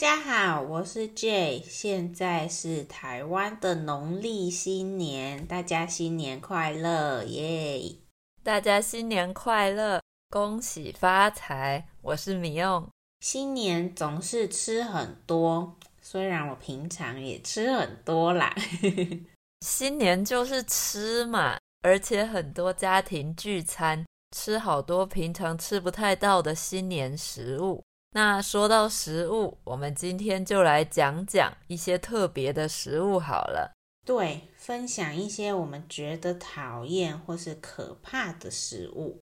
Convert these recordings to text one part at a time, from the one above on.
大家好，我是 Jay，現在是台灣的農曆新年，大家新年快樂耶！Yeah! 大家新年快樂，恭喜發財！我是米用，新年總是吃很多，雖然我平常也吃很多啦。 新年就是吃嘛，而且很多家庭聚餐，吃好多平常吃不太到的新年食物。那說到食物，我們今天就來講講一些特別的食物好了。對，分享一些我們覺得討厭或是可怕的食物。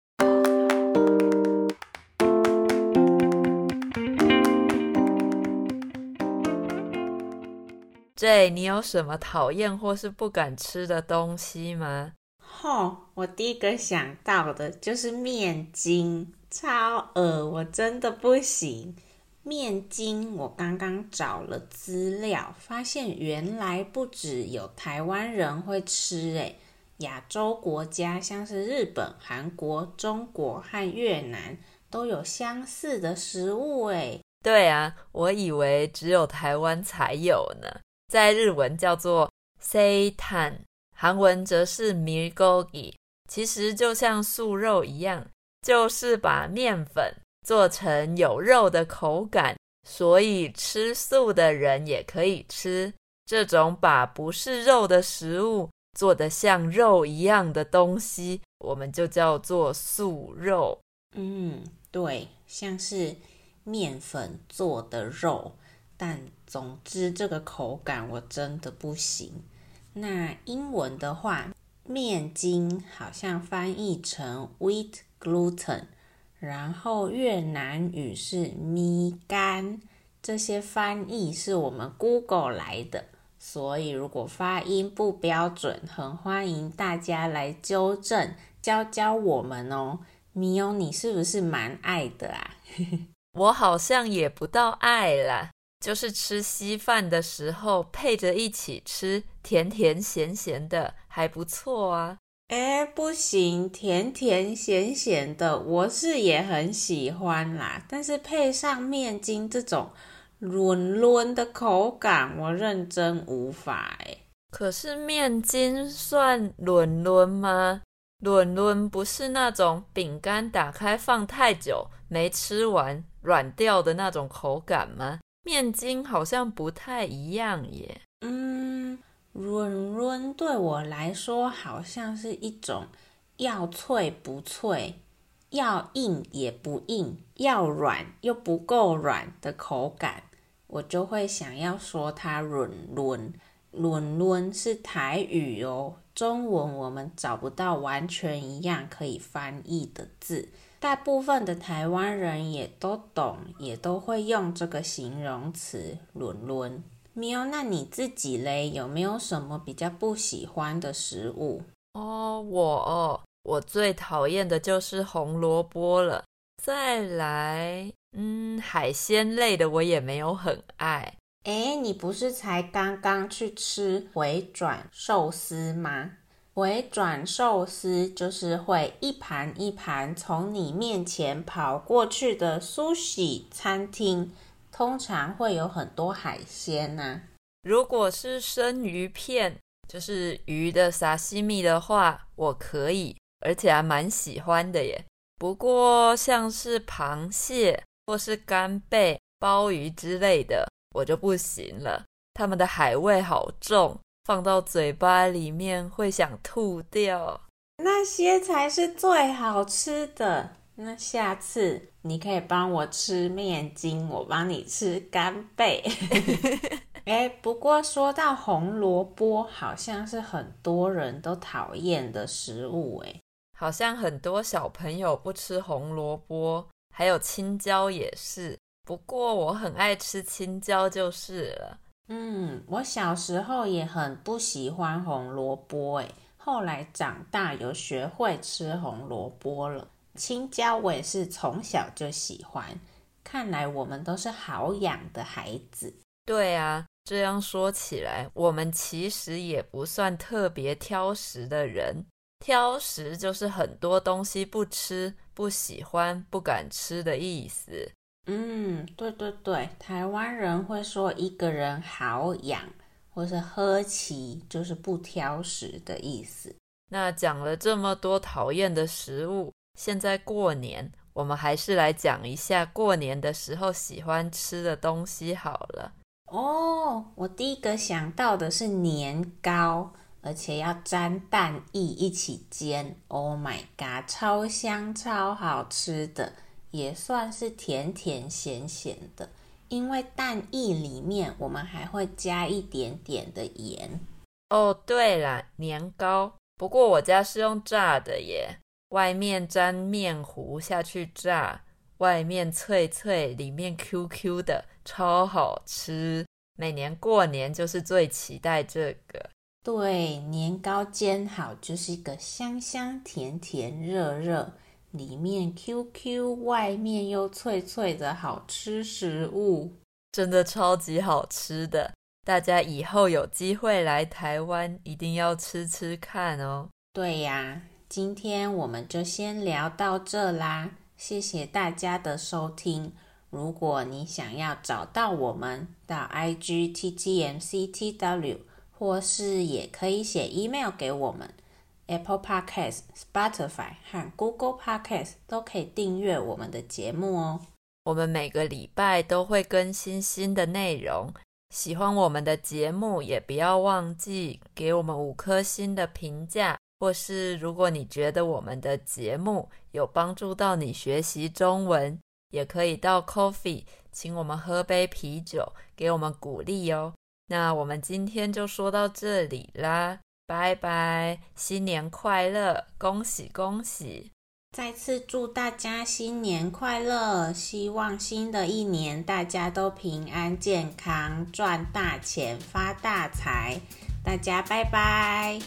J，你有什麼討厭或是不敢吃的東西嗎？哦，我第一個想到的就是麵筋。超餓、呃，我真的不行。面筋，我剛剛找了資料，發現原來不止有台灣人會吃哎，亞洲國家像是日本、韓國、中國和越南都有相似的食物哎。對啊，我以為只有台灣才有呢。在日文叫做 “seitan”，韓文則是 “mirgogi”，其實就像素肉一樣。就是把麵粉做成有肉的口感，所以吃素的人也可以吃。這種把不是肉的食物做得像肉一樣的東西，我們就叫做素肉。嗯，對，像是麵粉做的肉，但總之這個口感我真的不行。那英文的話。麵筋好像翻譯成 wheat gluten，然後越南語是米干。這些翻譯是我們 Google 來的，所以如果發音不標準，很歡迎大家來糾正，教教我們哦。米友，你是不是蠻愛的啊？ 我好像也不到愛啦。就是吃稀飯的時候配着一起吃，甜甜鹹鹹的還不錯啊。誒、欸、不行，甜甜鹹鹹的我是也很喜歡啦，但是配上麵筋這種軟軟的口感，我認真無法。可是麵筋算軟軟嗎？軟軟不是那種餅乾打開放太久沒吃完軟掉的那種口感嗎？麵筋好像不太一樣耶。嗯，潤潤對我來說好像是一種要脆不脆，要硬也不硬，要軟又不夠軟的口感。我就會想要說它潤潤，潤潤是台語哦，中文我們找不到完全一樣可以翻譯的字。大部分的台灣人也都懂，也都會用這個形容詞“倫倫”。喵，那你自己嘞，有沒有什麼比較不喜歡的食物？哦，我，我最討厭的就是紅蘿蔔了。再來，嗯，海鮮類的我也沒有很愛。哎、欸，你不是才剛剛去吃迴轉壽司嗎？回轉壽司就是會一盤一盤從你面前跑過去的 sushi 餐廳，通常會有很多海鮮吶、啊。如果是生魚片，就是魚的沙西米的話，我可以，而且還蠻喜歡的耶。不過像是螃蟹或是乾貝、鮑魚之類的，我就不行了，它們的海味好重。放到嘴巴裡面會想吐掉，那些才是最好吃的。那下次你可以幫我吃麵筋，我幫你吃干貝、 欸。不過說到紅蘿蔔，好像是很多人都討厭的食物哎、欸，好像很多小朋友不吃紅蘿蔔，還有青椒也是。不過我很愛吃青椒就是了。嗯，我小時候也很不喜歡紅蘿蔔誒，後來長大有學會吃紅蘿蔔了。青椒我也是從小就喜歡，看來我們都是好養的孩子。對啊，這樣說起來，我們其實也不算特別挑食的人。挑食就是很多東西不吃、不喜歡、不敢吃的意思。嗯，對對對，台灣人會說一個人好養，或是喝起就是不挑食的意思。那講了這麼多討厭的食物，現在過年，我們還是來講一下過年的時候喜歡吃的東西好了。哦，oh, 我第一個想到的是年糕，而且要沾蛋液一起煎。Oh my god，超香，超好吃的。也算是甜甜鹹鹹的。因為蛋液裡面我們還會加一點點的鹽。哦，對啦，年糕，不過我家是用炸的耶，外面沾麵糊下去炸，外面脆脆，裡面 Q Q 的，超好吃。每年過年就是最期待這個。對，年糕煎好就是一個香香、甜甜、熱熱。裡面 QQ，外面又脆脆的，好吃食物，真的超級好吃的。大家以後有機會來台灣，一定要吃吃看哦。對呀、啊，今天我們就先聊到這啦，謝謝大家的收聽。如果你想要找到我們，到 IG TTMCTW，或是也可以寫 email 給我們。Apple Podcast、Spotify 和 Google Podcast 都可以訂閱我們的節目哦。我們每個禮拜都會更新新的內容。喜歡我們的節目，也不要忘記給我們五顆星的評價。或是如果你覺得我們的節目有幫助到你學習中文，也可以到 Ko-fi 請我們喝杯啤酒，給我們鼓勵哦。那我們今天就說到這裡啦。拜拜，新年快樂，恭喜恭喜！再次祝大家新年快樂，希望新的一年大家都平安健康，賺大錢，發大財。大家拜拜。